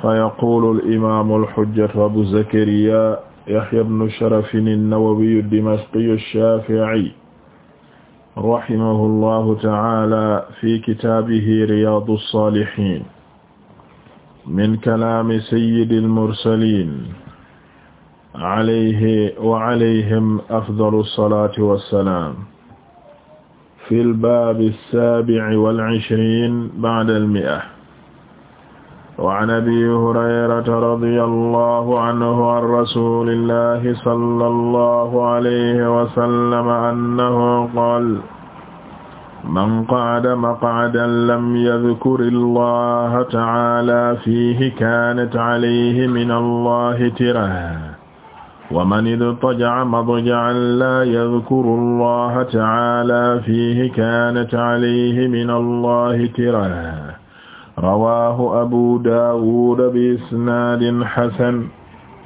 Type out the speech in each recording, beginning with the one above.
fa yaqulu al-imaamu al-hujjatu abu zakariya yahya ibnu sharafin an-nawawi ad-dimashqi ash-shaafi'i rahimahu llahu ta'aala fi kitaabihi riyaadu s-saalihiin min kalaami sayyidi l-mursaliin alayhi wa alayhim afdalu s-salaati wa s-salaam fi l-baabi s-saabi'i wal-'ishriin ba'da l-mi'a وعن أبي هريرة رضي الله عنه عن رسول الله صلى الله عليه وسلم أنه قال من قعد مقعدا لم يذكر الله تعالى فيه كانت عليه من الله ترة ومن اضطجع مضجعا لا يذكر الله تعالى فيه كانت عليه من الله ترة rawaahu abu daawud bi isnaadin hasan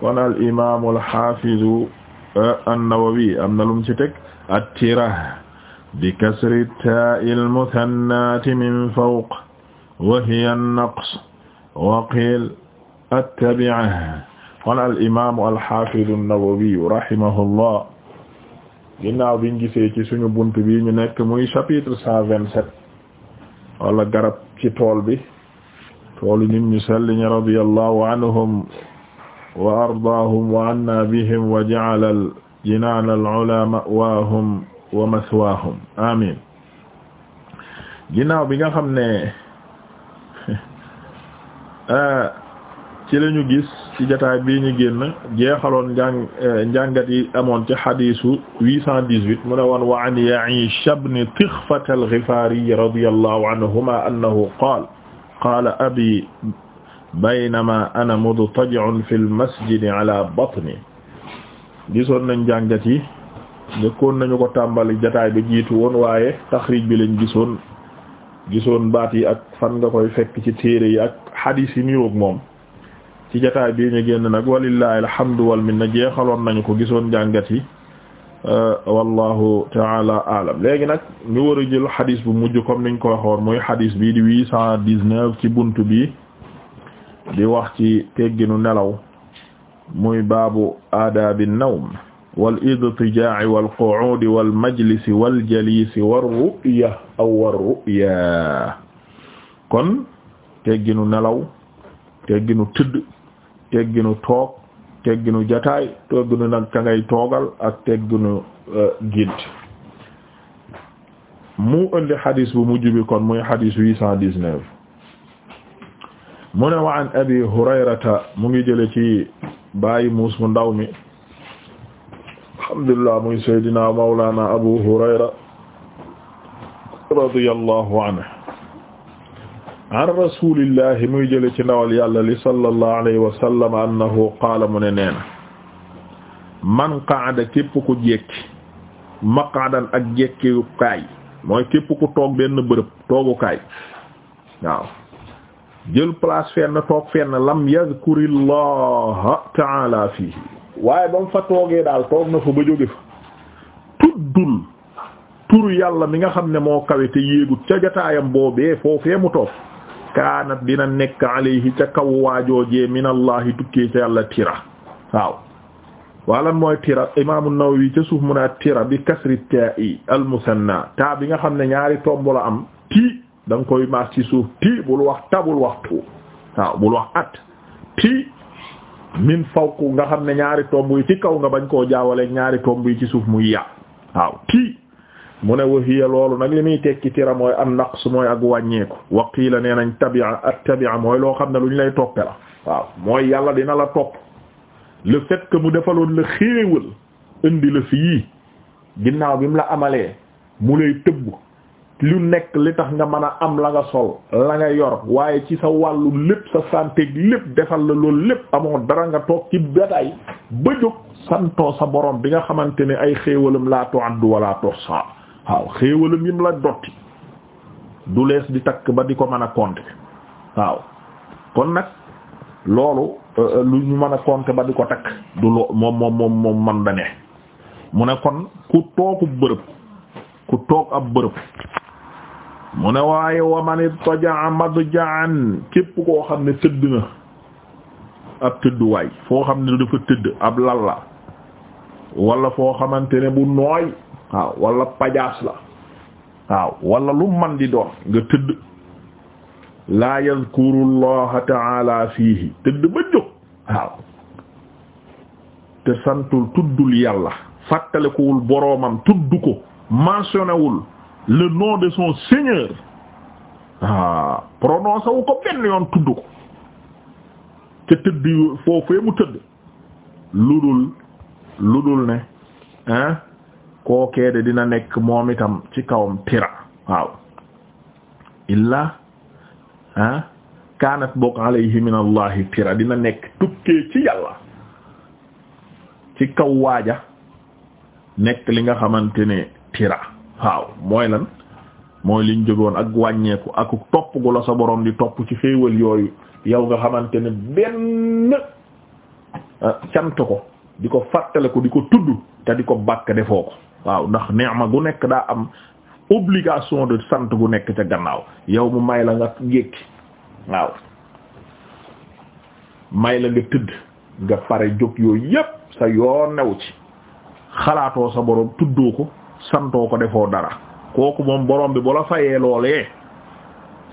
kon al imaamu al haafizu e, an-nawawi am na lum ci teg at-tira bi kasri taa'i al-muthannaati min fawq wa hiya an-naqs wa qiila attabi'a kon al imaamu al haafizu an-nawawi rahimahullah ginnaaw biñ gisee ci suñu bunt bi ñu nekk muy chapitre cent vingt-sept wala garab ci tool bi toolu nit ñu sell ñi radiyallahu anhum wa ardaahum wa anna bihim wa ja'ala al-jinaan al-'ulaa ma'waahum wa maswaahum amiin ginnaaw bi nga xam ne ah, ci lañu gis ci jotaay bii ñu génn jeexaloon njàng eh, njàngat yi amoon ci xadiisu huit cent dix-huit mu ne woon wa an Ya'iish ibn Tixfata al-Ghifaari radiyallahu anhuma annahu qaala qaala abi baynama ana mudtaji'un fi lmasjidi ala batni gisoon nañ jàngat yi koon nañu ko tàmbali jataay bi jiitu woon waaye taxriij bi lañ gisoon gisoon baat yi ak fan nga koy fekk ci téere yi ak xadiis yi niroog moom ci jataay bii ñu génn nag walillahi alhamdu wal minna jeexaloon nañu ko gisoon jàngat yi Euh, wallahu taala alam léegi nag ñu war a jël xadis bu mujj comme niñ ko waxoon muy xadis bii di huit cent dix-neuf ci bunt bi di wax ci tegginu nelaw muy baabu aadaabi nawm wal idtijaa'i wal qu'uudi wal majlisi wal jaliisi war ru'ya aw war ru'ya kon tegginu nelaw tegginu tëdd tegginu toog tegginu jataay tegginu nag ka ngay toogal ak tegginu euh, gént mu indi xadis bu mujj bi kon muy xadis mu ne wa an abi hurayrata mu ngi jële ci bàyyi muus mu ndaw mi alhamdulillah muy seydina mawlana abu hurayra radiyallahu anhu an rasulillahi muy jële ci ndawal yàlla li sallallahu alayhi wa sallam annahu qaala mu ne nee na man qaada képp ku jekki maqaadan ak jekkiyu kaay mooy képp ku toog benn bërëb toogukaay waaw jël place fenn toog fenn lam yadkurillaha taala fiihi waaye ba mu fa toogee daal toog na fa ba jóge fa tuddul turu yàlla mi nga xam ne moo kawe te yéegut ca jataayam boobee foofee mu toog kaanat dina nekk alayhi ca kaw waajoojee minallahi tukkee ca yàlla tira waaw waalan mooy tira imaamu Nawawi ca suuf mu ne tira bi kasri ta'i al musanna ta bi nga xam ne ñaari tomb la am tii da koy maas ci suuf tii bul wax ta bul wax tu waaw bul wax at tii min fawq nga xam ne ñaari tomb ci kaw nga bañ koo jaawaleeg ñaari tomb yi ci suuf mu ya waaw tii mu ne wahiya loolu nag li muy tekki tira mooy an su mooy ak wàññeeku wa la nee nañ tabia ak tabia mooy loo xam ne lu ñu lay toppe la waaw mooy yàlla dina la topp le fait que mu defaloon la xéewal indi la fii ginnaaw bi mu la amalee mu lay tëbb lu nekk li tax nga mën a am la nga sol la nga yor waaye ci sa wàllu lépp sa santé lépp defal la loolu lépp amoo dara nga toog ci bataay ba jóg santoo sa borom bi nga xamante ne ay xéewalam laa tu'addu wala tuhsa waaw xéewalam yim la dotti du lees di takk ba di ko mën a compter waaw kon nag loolu euh, lu ñu mën a compter ba di ko takk du loo moom moom moom man da ne mu ne kon ku toogu bërëb ku toog ab bërëb mu ne waaye wamanit tojaa jaan képp koo xam ne tëdd na ab tëdduwaay foo xam ne dafa tëdd ab lalla wala foo xamante ne bu nooy waaw wala pajaas la waaw wala lu man di doon nga tëdd laa yadkuru allaha taala fiihi tëdd ba jóg te santul tuddul yàlla fàttalekuwul boroomam tudd ko mentionné wul le nom de son seigneur ah prononcé wu ko benn yoon tudd ko tëdd foofee mu tëdd ludul ludul ne ah kookee dina nekk moom itam ci kawam tira waaw illaa ah kaanat bokk alayhi min allahi tira dina nekk tukkee ci yàlla ci kaw waaja nekk li nga xamante ne tira waaw mooy lan mooy liñ jógoon ak wàññeeku ak topp gu la sa boroom di topp ci xéewal yooyu yow nga xamante ne benn ah, cant ko di ko fàttale ko di ko tudd te di ko bàkk defoo ko waaw ndax neex neema gu nekk daa am obligation de sant gu nekk ca gannaaw yow mu may la nga yékki waaw may la nga tëdd nga pare jóg yooyu yépp sa yoon new ci xalaatoo sa borom tuddoo ko santoo ko defoo dara kooku moom boroom bi bu la fayee loolee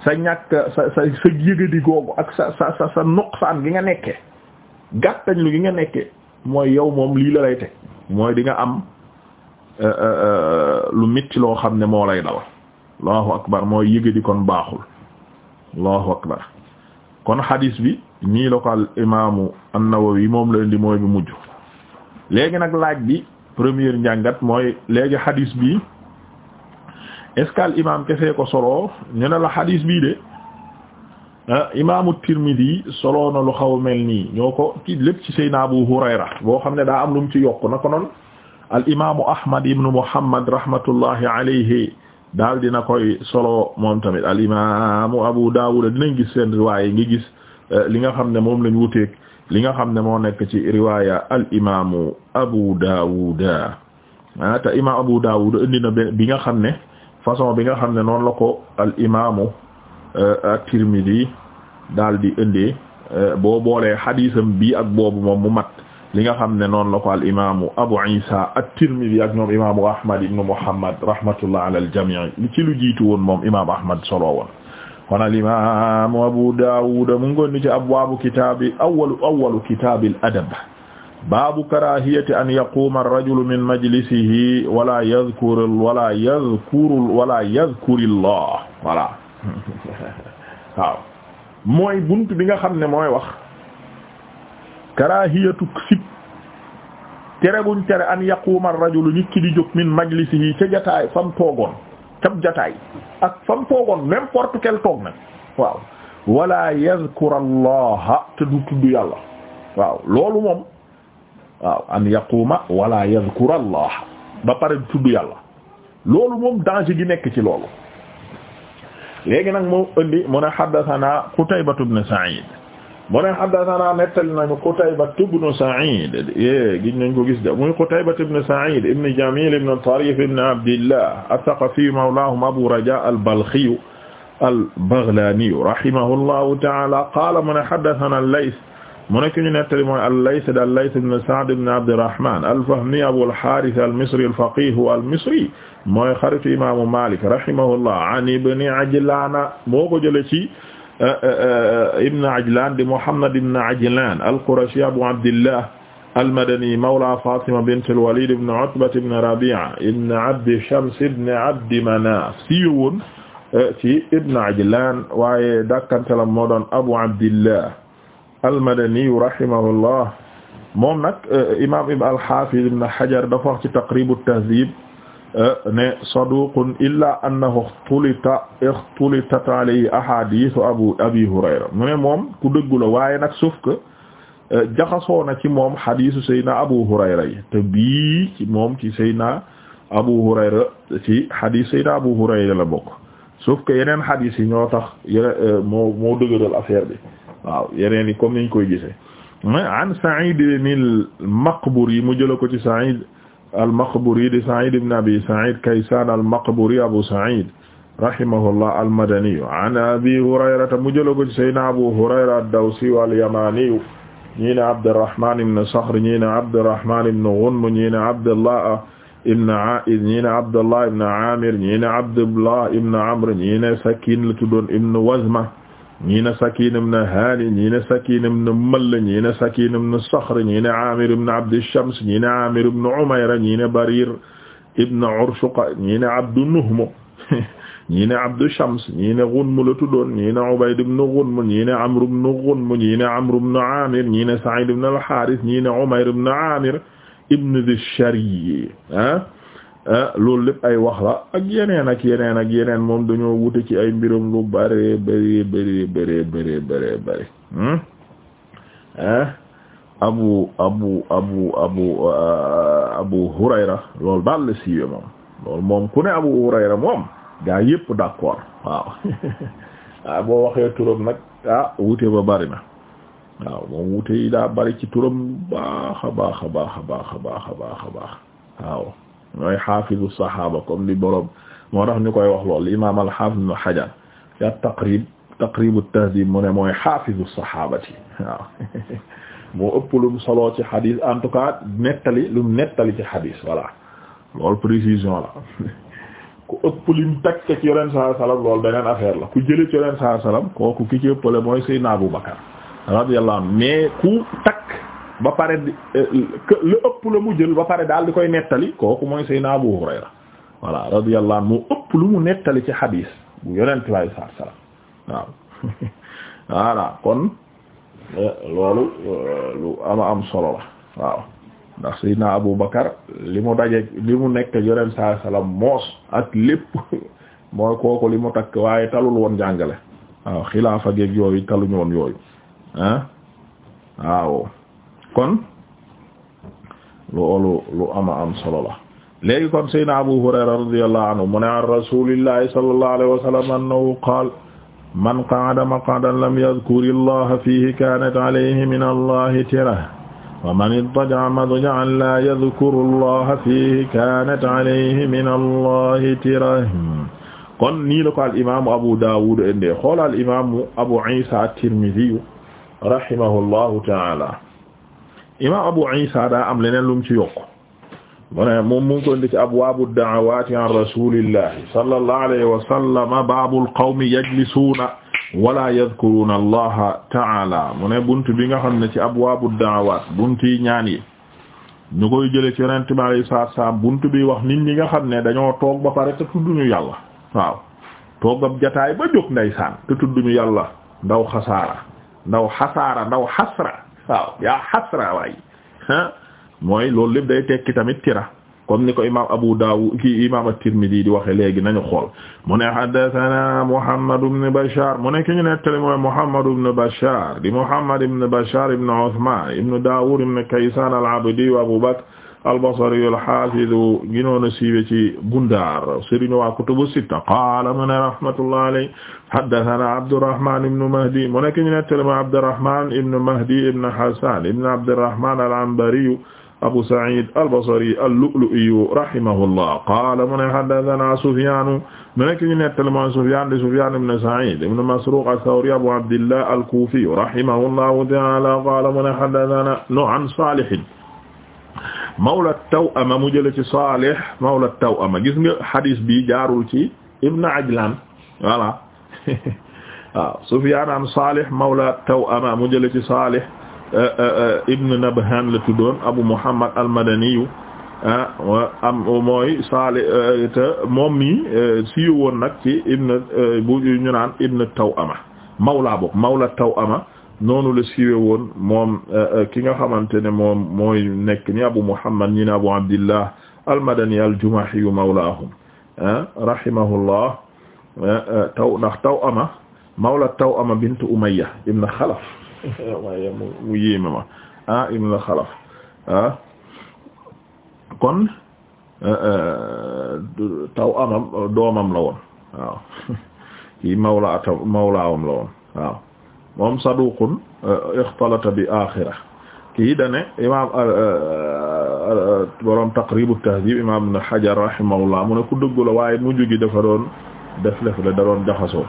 sa ñàkk sa sa sa yëgadi googu ak sa sa sa sa nuqsaan gi nga nekkee gàttañ lu gi nga nekkee mooy yow moom lii la lay teg mooy di nga am Euh, euh, euh, lu mitti loo xam ne moo lay dal allahu akbar mooy yëga di kon baaxul allahu akbar kon hadis bi nii la ko al imaamu an moom la di mooy bi mujj léegi nag laaj bi première njàngat mooy léegi hadis bi est-ce que al kese ko solo ñu ne la hadis bii de ah, imaamu Tirmidi solo na lu xaw mel nii ñoo ko ci lépp ci Seydina Abu Hurayra boo xam ne daa am lu mu ci yokk na ko alimaamu imaamu Ahmad ibn Muhammad rahmatullahi alayhi daal na koy solo moom tamit al imaamu Abu Dawud dinañ gis seen riwaay ngi gis eh, li nga xam ne moom lañ wuteeg li nga xam ne moo nekk ci riwaaya al imaamu Abu Dawud ah te Abu Dawud indi na bi nga xam ne façon bi nga xam ne noonu la ko al imaamu eh, at-Tirmidhi daal di indee eh, boo boolee xadiisam bii ak boobu moom mu mat. li nga xam ne noonu la ko al imaamu Abu Isa at-Tirmidhi ak ñoom imaamu Ahmad ibn Muhammad rahmatullah ala al-jamii li ci lu jiitu woon moom imaamu Ahmad solo woon kon al imaamu Abu Dawud mu ngi koy nuyu ci abwaabu kitaabi awwalu awwalu kitaabil adab baabu karaahiyati an yaquuma ar-rajulu min majlisihi wala yadhkur wala yadhkur wala yadhkurillah voilà waaw mooy buntu bi nga xam ne mooy wax. karahiyatu sib tere buñ tere an yaquma ar-rajulu nit ki di jóg min majlisihi ca jataay fam toogoon cab jataay ak fam toogoon n'importe quel toog nag waaw wala yadhkur allaha te du tudd yàlla waaw loolu moom waaw an yaquma wala yadhkur allaha ba pare du tudd yàlla loolu moom danger gi nekk ci loolu léegi nag moo indi mu ne haddathana Qutaybatu ibn Sa'id mu ne haddathana nettali nañu Qutayba ibn Sa'id gis nañ ko gis de muy Qutayba ibn Sa'id ibn Jamil ibn Tarif ibn Abdillah ath-Thaqafi mawlahum Abu Raja al-Balkhi al-Baghlani rahimahullahu ta'ala qala mu ne haddathana al-Layth mu ne ki ñu nettali mooy al-Layth de al-Layth ibn Sa'd ibn Abdirrahman al-Fahmi Abu al-Harith al-Misri al-faqih al-Misri mooy xaritu imaamu Malik rahimahullah an Ibn Ajlan moo ko jëlee ci Eh, eh, eh, ibn Ajlan di Muhammad ibn Ajlan al-Qurashi Abu Abdillah al-Madani mawla Fatima bint al-Walid ibn Utba ibn Rabi'a ibn Abdi Shams ibn Abdi Manaf siiwoon ci ibn Ajlan waaye dàkkantalam moo doon Abu Abdillah al-Madani rahimahullah moom nag imaam ibn al-Hafiz ibn Hajar dafa wax ci Taqrib at-Tahdhib Euh, ne saduqun illa annahu ixtulita ixtulitat alayhi ahadithu abu abi hurayra mu ne moom ku dëggu la waaye nag sauf que euh, jaxasoo na ci moom xadisu saydna abu hurayra yi te bii ci moom ci saydna abu hurayra ci xadis saydna abu hurayra la bokk sauf yeneen xadis yi ñoo tax yeneen euh, moo moo dëgëral affaire bi waaw yeneen yi comme niñ koy gisee an Sa'id ibn al-Maqburi mu jëla ko ci Sa'id al-Maqburi di Sa'id ibn Abi Sa'id Kaysan al-Maqburi Abu Sa'id rahimahullah al-Madani an Abi Hurayrata mu jëla ko ci Seydina Abu Hurayra ad-Dawsi al-Yamani ñii ne Abdurrahman ibn Sakhr ñii ne Abdurrahman ibn Ghunm ñii ne Abdullah ibn A'id ñii ne Abdullah ibn Amir ñii ne Abdullah ibn Amr ñii ne Sakin la tuddoon ibn Wazma ñii ne Sakiin ibn Haani ñii ne Sakiin ibn Mall ñii ne Sakiin ibn Saxr ñii ne Aamir ibn Abdi Shams ñii ne Aamir ibn Umayra ñii ne Bariir ibn Urshuqa ñii ne Abdu Nuhm ñii ne Abdu Shams ñii ne Gunm la tuddoon ñii ne Ubayd ibn Gunm ñii ne Amr ibn Gunm ñii ne Amr ibn Aamir ñii ne Sa'iid ibn al-Haaris ñii ne Umayr ibn Aamir ibn Dhi Shari ah Eh, loolu lépp ay wax la ak yeneen ak yeneen ak yeneen moom dañoo wute ci ay mbirum lu bëree bëri bëri bëri bëri bëri bëri hmm? eh? abu abu abu abu eh, abu hurayra loolu daal la siiwe moom loolu moom ku ne abu hurayra moom gaa yëpp d'accord waaw waaw ah, boo waxee turam nag ah wute ba bëri na waaw moom wute yi daa bëri ci turam baax a baax a baax a baax a baax a baax a baax waaw mooy xaafizu saxaaba kom li borom moo tax ñu koy wax loo lool imaam al-xaafiz ibn Hajar ya taqrib taqribu tahdib mu ne mooy xaafizu saxaabati waaw moo ëpp mu solo ci xadis en tout cas nettali lum nettali ci xadis voilà loolu précision la ku ëpp lim takk ci yoneen saa salaam loolu beneen affaire la ku jële ci yoneen saa salaam kooku ki ci ëppale mooy Seydina Abu Bakar radiyallahu anhu mais ku ba pare eh, lu ëpp la mu jël ba pare daal di koy nettali kooku mooy Seydina Abu Hurayra voilà radiyallahu anhu moo ëpp lu mu nettali ci xadiis bu yonent bi sallallahu alayhi wasallam waaw voilà kon eh, loolu eh, lu ama am solo la waaw ndax Seydina Abu Bakar li mu daje li mu nekk yonent sallallahu alayhi wasallam moos ak lépp mooy kooku li mu takk waaye talul woon jàngale waaw xilaafa geeg yooyu taluñu woon yooyu ah waaw kon loolu lu ama am solo la léegi kon sayna Abu Hurayra radiyallahu anhu mu ne an rasulillahi sallallahu alayhi wa sallam annahu qaala man qa'ada maq'adan lam yadhkuri llaha fihi kanat alayhi min allahi tira wa man ittaja'a madja'an la yadhkuru llaha fihi kanat alayhi min allahi tira kon nii la ko al imamu Abu Dawud inde xool al imamu Abu Isa at-Tirmidhi rahimahullahu ta'ala imam Abu Isa daa am leneen lu mu ci yokk mo ne moom mu ngi ko indi ci abwaabu da'awaati an rasuulillahi sallallahu alayhi wa sallam baabul qawmi yajlisuuna wala yadhkuruuna allaha ta'ala mu ne bunt bi nga xam ne ci abwaabu da'awaat bunt yi ñaan yi ñu koy jële ci yonent bi alayhi salaatu salaam bunt bi wax nit ñi nga xam ne dañoo toog ba pare te tudduñu yàlla toog ab jataay ba jóg ndeysaan tudduñu yàlla ndaw xasaara ndaw xasaara ndaw xasra waaw yaa xasra waay ah mooy loolu lépp day tekki tamit tira comme ni ko imaam Abu Dawud ki imaam at-Tirmidhi di waxe léegi nañu xool mu ne haddathana Muhammad ibn Bashar mu ne ki ñu nettali mooy Muhammad ibn Bashar di Muhammad ibn Bashar ibn Uthman ibn Dawud ibn Kaysan al-Abdi wa Abu Bakr al-Basri al-Hafiz gënoon a siiwe ci Bundaar sëriñ waa kutubu sitta qaala mu ne rahmatullah alayhi haddathana Abdurrahman ibn Mahdi mu nekk ñu nettali ma Abdurrahman ibn Mahdi ibn Hasan ibn Abdurrahman al-Anbari Abu Sa'id al-Basri al-Lu'lu'i rahimahullah qaala mu ne haddathana Sufyan mu nekk ñu nettali ma Sufyan di Sufyan ibn Sa'id ibn Masruq ath-Thawri Abu Abdillah al-Kufi rahimahullahu ta'ala qaala mu ne haddathana an Salih mawla tawama mu jële ci Salih mawla tawama gis nga hadis bi jaarul ci Ibn Ajlan voilà waaw Sufyaan an Salih mawla tawama mu jële ci Salih euh, euh, euh, Ibn Nabhan la tuddoon Abu Muhammad al-Madaniyu ah, am mooy Salih te moom mi siiw woon nag ci ibn bu ñu naan Ibn tawama mawla bokk mawla tawama noonu la siiwe woon moom euh, euh, ki nga xamante ne moom mooy nekk ni abu muhammad ñi ne abu abdillah almadani aljumahiyu mawlaahum rahimahullah euh, taw ndax taw ama mawla taw ama bint umayya ibn xalaf xalaf kon taw amam doomam la woon waaw moom saduqun euh, ixtalata bi axira kii dane imam euh, euh, borom taqribu tahdib imam ibn hajar rahimahullah mu ne ku dëggu la waaye mujj gi dafa doon def lef le da doon jaxasoo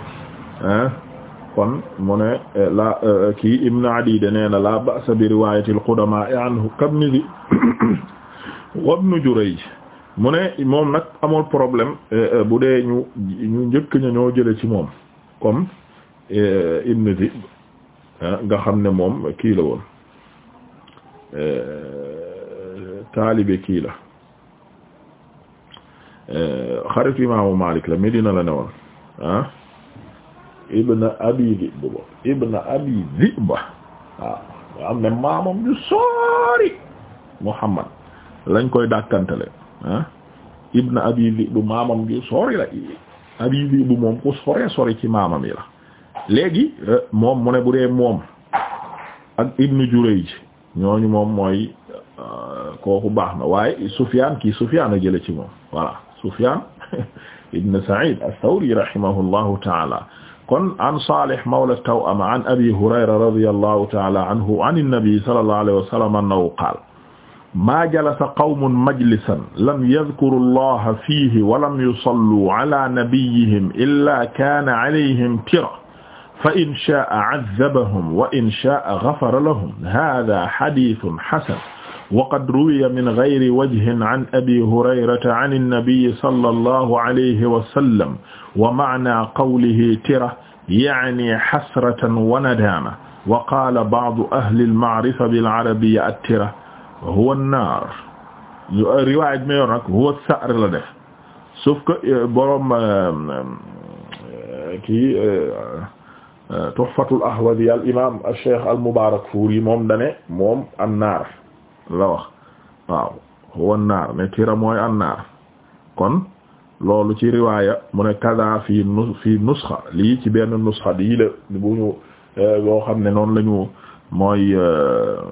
kon mu ne la kii ibn adi de na la ba'sa bi riwayati al qudama anhu kabni wa ibn mu ne moom nag amul problème bu dee ñu ñu njëkk ña ñoo jële ci moom comme ibn Zib Ah, nga xam ne moom kii la woon eh, taalibe kii la eh, xaritu imaamu Malik la Medina la ne woon ah abi Dhi'b ibn abi Dhi'b waaw ah, nga am ne maamam ju soori Muhammad lañ koy dàkkantale ah ibn abi Dhi'b maamam ju soori la abi Dhi'b moom ku sore sori ci maamam yi la léegi euh, moom mu ne bu dee moom ak Ibnu Jurayj ñooñu moom mooy euh, kooku baax na waaye Sufyaan kii Sufyaan a jële ci moom voilà Sufyaan ibn Sa'id ath-Thawri rahimahullahu ta'ala kon an Salih mawla at-Taw'ama an Abi Hurayra radiyallahu ta'ala anhu an an-nabi sallallahu alayhi wa sallam annahu qaala maa jalasa qawmun majlisan lam yadkuru allaha fiihi wa lam yusalluu ala nabiyyihim illaa kaana alayhim tira fa in shaa'a azabahum wa in shaa'a ghafara lahum haadaa hadiisun hasan wa qad ruwiya min ghayri wajhin an abii hurayrata an annabiyyi sallallahu alayhi wa sallam wa ma'naa qawlihi tira ya'nii hasratan wa nadaama wa qaala ba'du ahli al-ma'rifa bil-arabiyya at-tira wa huwa an-naar riwaay bi ma yor nag huwa as-sa'r la def sauf que eh, borom eh, kii. Eh, tuhfatul ahwazi al imam cheikh al mubarakfuri moom dane moom annaar la wax waaw huwa annaar ne tira mooy annaar kon loolu ci riwaaya mu ne kada fii nu fii nusxa lii ci benn nusxa dii la bu eh, xam ne noonu la mooy eh,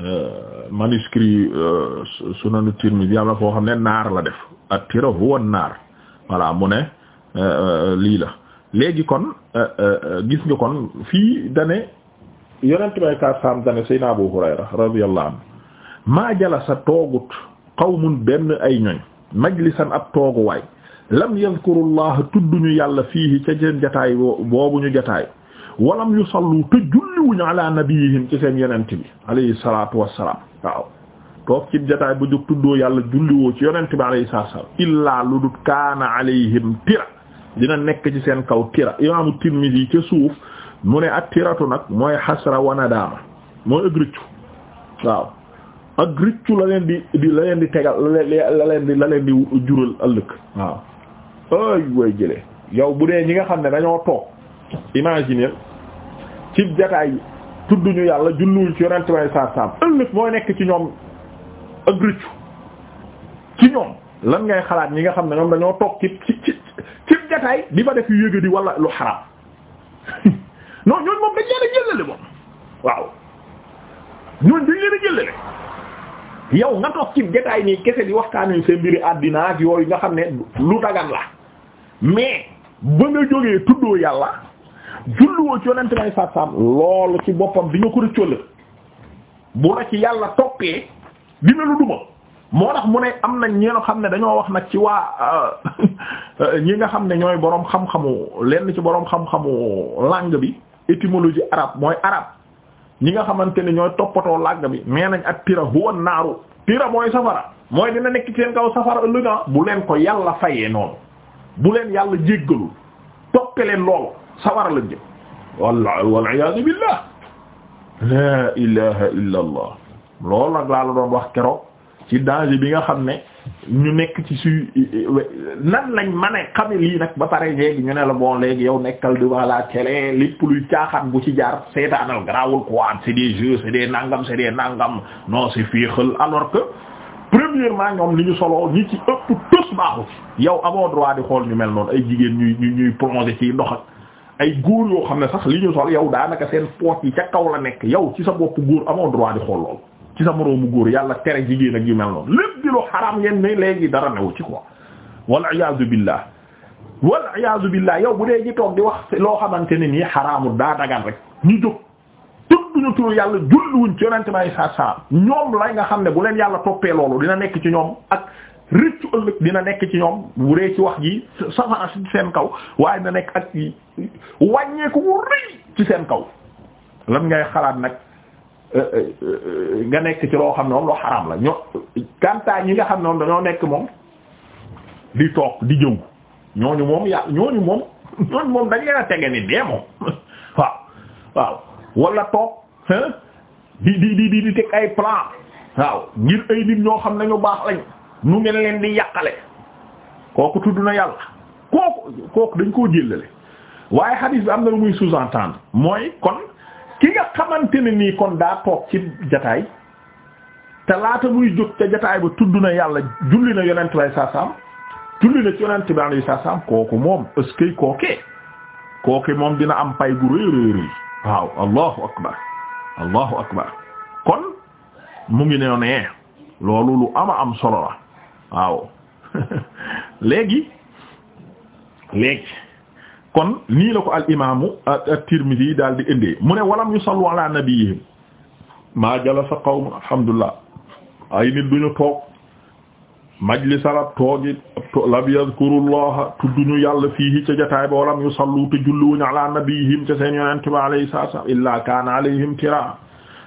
eh, manuscrit sunanu tirmidhi am na foo xam ne naar la def at tira huwa annaar voilà mu ne lii la léegi kon Euh, euh, euh, gis nga kon fii dane yonent bay kat sam dane sayna Abu Hurayra radiyallahu anhu maa jalasa toogut qawmun benn ay ñoñ majlisan ab tooguwaay lam yadhkurullaha tudduñu yàlla fiihi ca seen jataay boobu ñu jataay walam yusallu te julliwuñu ala nabiyihim ci seen yonent bi alayhi salatu wassalam toog ci jataay bu jóg tuddoo yàlla julliwoo ci yonent bi alayhi salatu wassalam illaa ludut kaana alayhim tira dina nekk ci seen kaw tira imaamu Tirmidhi ca suuf mu ne at tiratu nag mooy xasra wanadaama mooy ak rëccu waaw ak rëccu la leen di di la leen di tegal la leen di la leen di jural ëllëg waaw ay way jëlee yow bu dee ñi nga xam ne dañoo toog imaginer ci jataay tudd ñu yàlla julluwuñ ci yonent may saar saam ëllëg mooy nekk ci ñoom ak rëccu ci ñoom lan ngay xalaat ñi nga xam ne ñoom dañoo toog ci ci ci jagataay di fa def yu yëga di wala lu xaraam non ñooñu moom dañ leen a jëlale moom waaw ñooñu dañ leen a jëlale yow nga toog ci jataay nii kese di waxtaanee seen mbiri àddina ak yooyu nga xam ne lu dagan la mais ba nga jógee tuddoo yàlla julliwoo ci yonente may saam loolu ci boppam di nga ko rëccoo la bu la yàlla toppee dina lu duma moo tax mu ne am nañ ñenn xam ne dañoo wax nag ci waa euh, ñi nga xam ne ñooy boroom xam-xamu lenn ci boroom xam-xamu langue bi étymologie arabe mooy arabe ñi nga xamante ne ñooy toppatoo làng bi nee nañ ak tira huwa naaru tira mooy safara mooy dina nekk seen kaw safara ëllëg ah, bu leen ko yàlla fayee noonu bu leen yàlla jéggalul toppe leen loolu safara lañ jëm walla wal iyaadu billah la ilaha illa loolu nag laa la doon wax keroog ci danger bi nga xam ne ñu nekk ci su nan lañ ma ne xame lii nag ba pare léegi ñu ne la bon léegi yow nekkal devant la télé lépp luy caaxaan bu ci jaar seetaanal garaawul quoi c'est des jeux c'est des nangam c'est des nangam non c'est féexal alors que premièrement ñoom li ñu soloo ñi ci ëpp tous baaxu ci yow amoo droit di xool ñu mel noonu ay jigéen ñuy ñuy plonger ci ndox ay góor yoo xam ne sax li ñu sol yow daanaka seen poot yi ca kaw la nekk yow ci sa bopp góor amoo droit di xool lool ci sa moroomu góor yàlla tere jigéen ak yu mel noonu lépp di lu xaraam ngeen ne léegi dara newu ci quoi wal iyaazu billah wal iyaazu billah yow bu dee ji toog di wax loo xamante ne nii xaraamul daa dagan rek ñu jóg tudd ñu turu yàlla julluwuñ ci yonente may sa sa ñoom lay nga xam ne bu leen yàlla toppee loolu dina nekk ci ñoom ak rëccu ëllëg dina nekk ci ñoom bu dee ci wax gi safara ci seen kaw waaye dina nekk ak wàññeeku wu rëy ci seen kaw lan ngay xalaat nag Euh, euh, euh, nga nekk ci loo xam ne moom lu xaram la ñoo kantaa ñi nga xam ne moom dañoo nekk moom di toog di jëw ñooñu moom ya ñooñu moom ñooñu moom dañ leen a tege ni dee moom waaw waaw wala toog di di di di di teg ay plan waaw ngir ay nit ñoo xam nañu baax lañ nu ngeen leen di yàqale kooku tudd na yàlla kooku kooku dañ koo jëllale waaye hadith bi am na lu muy sous-entendre mooy kon ki nga xamante ne nii kon daa toog ci jataay te laata muy jóg ca jataay ba tudd na yàlla julli na yonent bay saasaam julli na ci yonent bi alayhi saasaam kooku moom ëskey kookee kooke moom dina am pay gu rëy rëy rëy waaw allahu akbar allahu akbar kon mu ngi ne nee loolu lu ama am solo la waaw léegi léegi kon nii la ko al imaamu at daal di indee mu ne walam yusallu ala nabiyihim maa jalasa qawmun alhamdulillah ay nit duñu toog majlisarab toogi lam yadhkurullaha tudduñu yàlla fiihi ca jataay ba walam yusallu te julluwuñu ala nabiyihim ca seen yonent ba alayhi salaam illaa kaana alayhim tira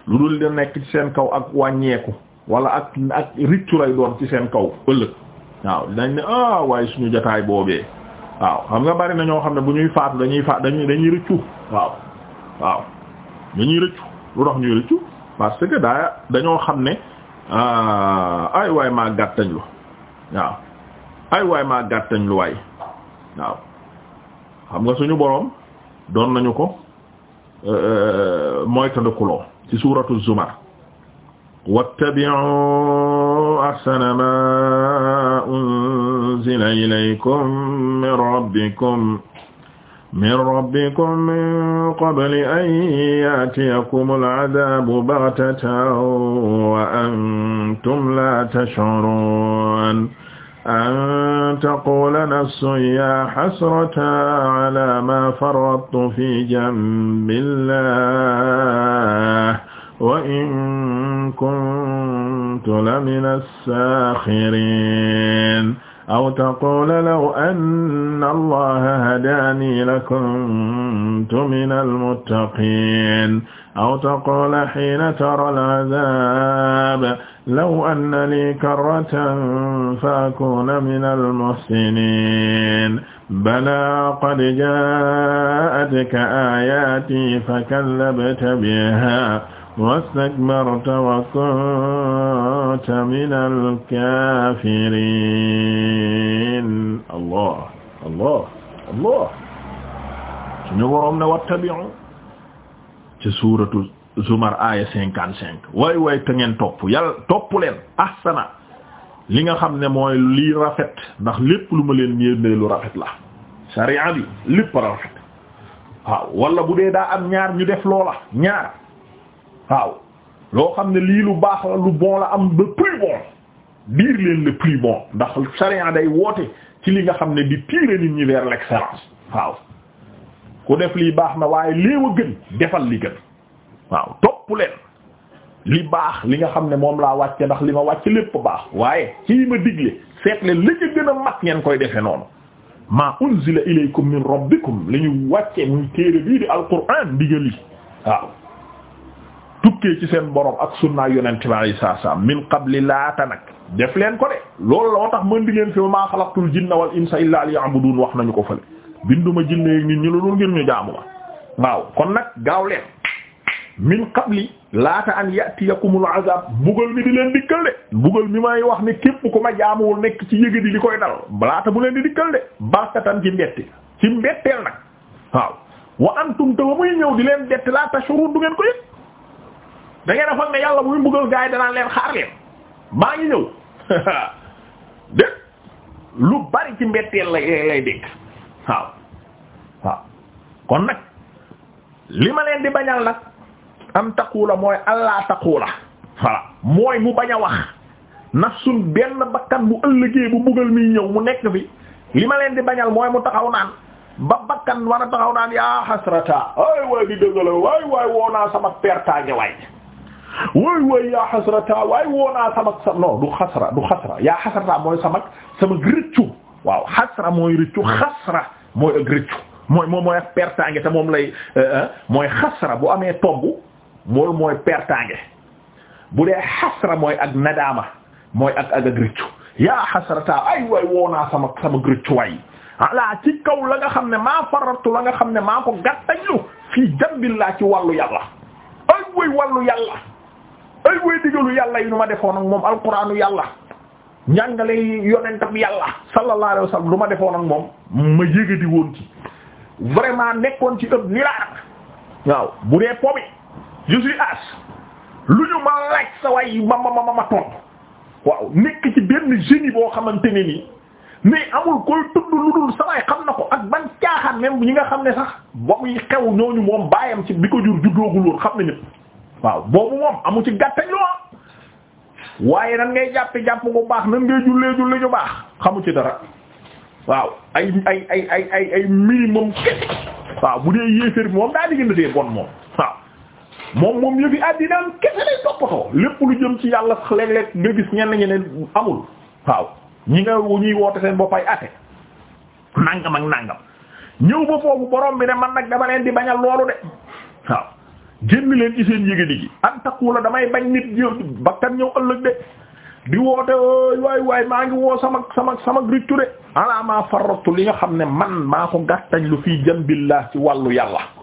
lu dul da nekk ci seen kaw ak wàññeeku wala ak riccu lay doon ci seen kaw ëllëg waaw dinañ ne ah waaye suñu jataay boobee waaw xam nga bari na ñoo xam ne bu ñuy faatu dañuy faat dañuy rëccu waaw waaw dañuy rëccu lu tax ñuy rëccu parce que daa dañoo xam ne ah, ay waay maa gàttañ lu waaw ay waay lu waay waaw xam nga suñu boroom doon nañu ko euh, euh, moytandikuloo ci suuratu zumar wattabi'u ahsana ma unzila ilaykum min rabbikum min rabbikum min qabli an ya'tiyakum al'adabu baghtatan wa antum la tash'urun an taqula nafsun ya hasrata ala ma farattu fi jambillah wa in kuntu lamina as-sakhirin aw taqula law anna allaha hadaani lakuntu minal muttaqiin aw taqula hiina taral azaab law anna lii karratan fa akuuna minal muhsiniin balaa qad jaa'atka aayaatii fa kallabta bihaa wastakbarta wa kunta minal kaafiriin allah allah allah suñu boroom ne wattabi'u ci suuratu Zumar aaya cinquante cinq waay waay te ngeen topp yàlla topp leen ahsana li nga xam ne mooy lii rafet ndax lépp lu ma leen yéene lu rafet la sariya bi lépp rafet waaw wala bu dee daa am ñaar ñu def loola ñaar waaw loo xam ne lii lu baax la lu bon la am le plus bon biir leen le plus bon ndax sharia day woote ci li nga xam ne di tirer nit ñi vers l'excellence waaw ku def lii baax na waaye léew a gën defal li gën waaw topp leen li baax li nga xam ne moom laa wàcce ndax li ma wàcce lépp baax waaye ci ma digle seetle li ca gën a mat ngeen koy defe noonu ma unzila ilaykum min rabbikum li ñu wàcce muy téere bii di alquran digal yi waaw tukkee ci seen borom ak sunnaa yonent bi alayhi salaam min qabli laata nag def leen ko de loolu loo tax mën di ngeen fi maa xalaqtul jinna wal insa illaa liya'budun wax nañu ko fële binduma jinne ak nit ñi lu dul ngir ñu jaamu ma waaw kon nag gaaw leen min qabli laata an yatiyakumul azab bugal mi di leen dikkal de bugal mi may wax ne képp ku ma jaamuwul nekk ci yëga di li koy dal laata bu leen di dikkal de barkatan ci mbetti ci mbetteel nag waaw wa antum te ba muy ñëw di leen bett laata shurun du ko da ngay dafa ne yàlla muy mbugal gaay danaa leen xaar leen maa ngi ñëw dé lu bari ci mbetteel lay lay dégg waaw waaw kon nag li ma leen di bañal nag am taquula mooy allah taquula mooy mu bañ a wax nafsun benn bakkan bu ëllëgee bu mbugal mi ñëw mu nekk fi li ma leen di bañal mooy mu taxaw naan ba bakkan war a taxaw naan yaa xasrata ay waay di dëgg la waay waay woo naa sama pertaange waay way way yaa xasrata waay woonaa samak sa non du xasra du xasra yaa xasrata mooy samak samak rëccu waaw xasra mooy rëccu xasra mooy ak rëccu mooy moom mooy ak pertange te moom lay eh, eh, mooy xasra bu amee tomb moolu mooy pertange bu dee xasra mooy ak nadaama mooy ak ak ak rëccu yaa xasrata ay waay woonaa samak samak rëccu waay ala ci kaw la nga xam ne maa faratu la nga xam ne maa ko gàttañlu fii jambillah ci wàllu yàlla ay way wàllu yàlla ay way digalu yàlla yi nu ma defoon ak moom alquraanu yàlla njàngale yonentam yàlla sallallahu alayhi wasallam lu ma defoon ak moom ma yégadi woon ci vraiment nekkoon ci ëpp nilaar waaw bu dee pobi je suis as lu ñu ma laaj sa way ma ma ma ma tontu waaw nekk ci benn génie boo xamante ne nii mais amul koy tudd lu dul samay xam na ko ak ban caaxaan même ñi nga xam ne sax ba muy xew ñooñu moom baayam ci bi ko jur juddoogul woon xam ne nit waaw boobu moom amu ci gàttañ loo waaye nan ngay jàpp jàpp bu baax nan ngay jullee julli ju baax xamu ci dara waaw ay ay ay ay minimum waaw bu dee yéeféer bi moom daa di gën a dee bon moom waaw moom moom yëfi àddinaam kese lay toppatoo lépp lu jëm ci yàlla léeg-léeg nga gis ñenn ñi amul waaw ñi nga ñuy woote seen ay ate nangam ak nangam ñëw ba foofu borom bi ne man nag dama leen di bañal loolu de waaw génn leen ci seen yëgadi gi an damay bañ nit ñëw bakkan ñëw ëllëg de di woote waay waay maa ngi woo sama sama sama riccu de ala ma li nga xam ne man maa ko gàttañ lu fii janbillah ci wàllu yàlla